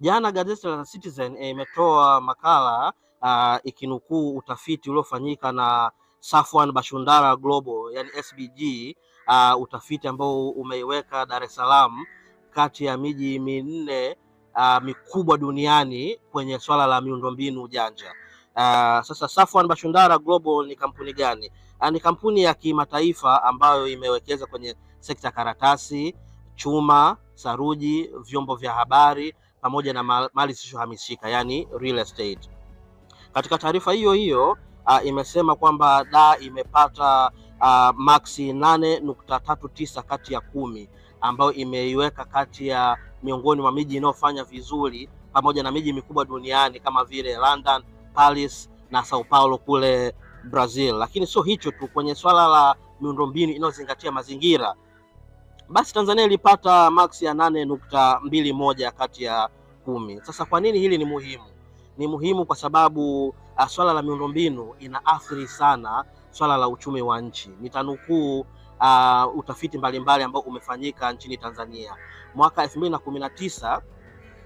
Jana gazeti la Citizen eh, imetoa eh, makala uh, ikinukuu utafiti uliofanyika na Safwan Bashundara Global yani SBG uh, ah, utafiti ambao umeiweka Dar es Salaam kati ya miji minne uh, mikubwa duniani kwenye swala la miundombinu janja. Uh, sasa Safwan Bashundara Global ni kampuni gani? Uh, ni kampuni ya kimataifa ambayo imewekeza kwenye sekta ya karatasi, chuma, saruji, vyombo vya habari pamoja na mali zisizohamishika yani real estate. Katika taarifa hiyo hiyo uh, imesema kwamba da imepata uh, maksi 8.39 kati ya kumi ambayo imeiweka kati ya miongoni mwa miji inayofanya vizuri pamoja na miji mikubwa duniani kama vile London, Paris na Sao Paulo kule Brazil. Lakini sio hicho tu, kwenye swala la miundombinu inayozingatia mazingira basi Tanzania ilipata maksi ya nane nukta mbili moja kati ya kumi. Sasa kwa nini hili ni muhimu? Ni muhimu kwa sababu uh, swala la miundombinu inaathiri sana swala la uchumi wa nchi. Nitanukuu uh, utafiti mbalimbali ambao umefanyika nchini Tanzania mwaka elfu mbili na kumi na tisa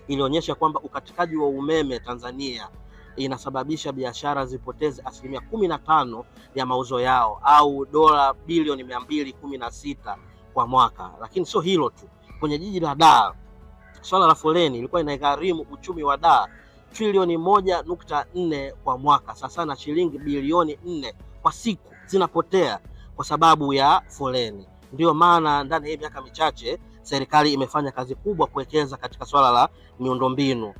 ilionyesha kwamba ukatikaji wa umeme Tanzania inasababisha biashara zipoteze asilimia kumi na tano ya mauzo yao au dola bilioni mia mbili kumi na sita kwa mwaka. Lakini sio hilo tu, kwenye jiji la Dar swala la foleni ilikuwa inagharimu uchumi wa Dar trilioni moja nukta nne kwa mwaka, sasa na shilingi bilioni nne kwa siku zinapotea kwa sababu ya foleni. Ndiyo maana ndani ya miaka michache serikali imefanya kazi kubwa kuwekeza katika swala la miundombinu.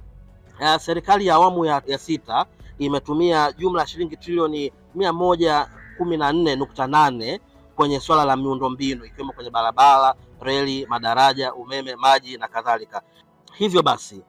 Uh, serikali ya awamu ya, ya sita imetumia jumla ya shilingi trilioni mia moja kumi na nne nukta nane kwenye swala la miundombinu ikiwemo kwenye barabara, reli, madaraja, umeme, maji na kadhalika. Hivyo basi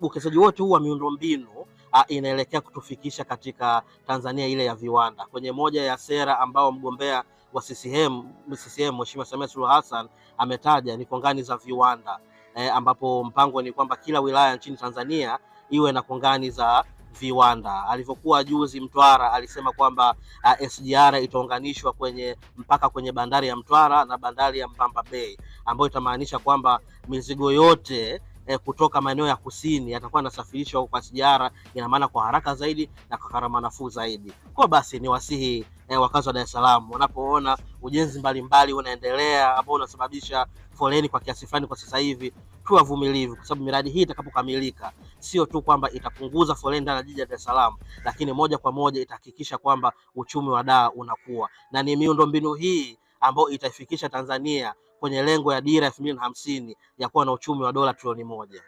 uwekezaji uh, wote huu wa miundombinu uh, inaelekea kutufikisha katika Tanzania ile ya viwanda. Kwenye moja ya sera ambao mgombea wa CCM CCM Mheshimiwa Samia Suluhu Hassan ametaja ni kongani za viwanda eh, ambapo mpango ni kwamba kila wilaya nchini Tanzania iwe na kongani za viwanda. Alivyokuwa juzi Mtwara, alisema kwamba uh, SGR itaunganishwa kwenye mpaka kwenye bandari ya Mtwara na bandari ya Mpamba Bay ambayo itamaanisha kwamba mizigo yote eh, kutoka maeneo ya kusini yatakuwa yanasafirishwa kwa SGR, ina maana kwa haraka zaidi na kwa gharama nafuu zaidi. Kwa basi ni wasihi eh, wakazi wa Dar es Salaam wanapoona ujenzi mbalimbali mbali unaendelea ambao unasababisha foleni kwa kiasi fulani kwa sasa hivi, tuwe wavumilivu, kwa sababu miradi hii itakapokamilika, sio tu kwamba itapunguza foleni ndani ya jiji la Dar es Salaam, lakini moja kwa moja itahakikisha kwamba uchumi wa Dar unakuwa, na ni miundombinu hii ambayo itaifikisha Tanzania kwenye lengo ya dira elfu mbili na hamsini ya kuwa na uchumi wa dola trilioni moja.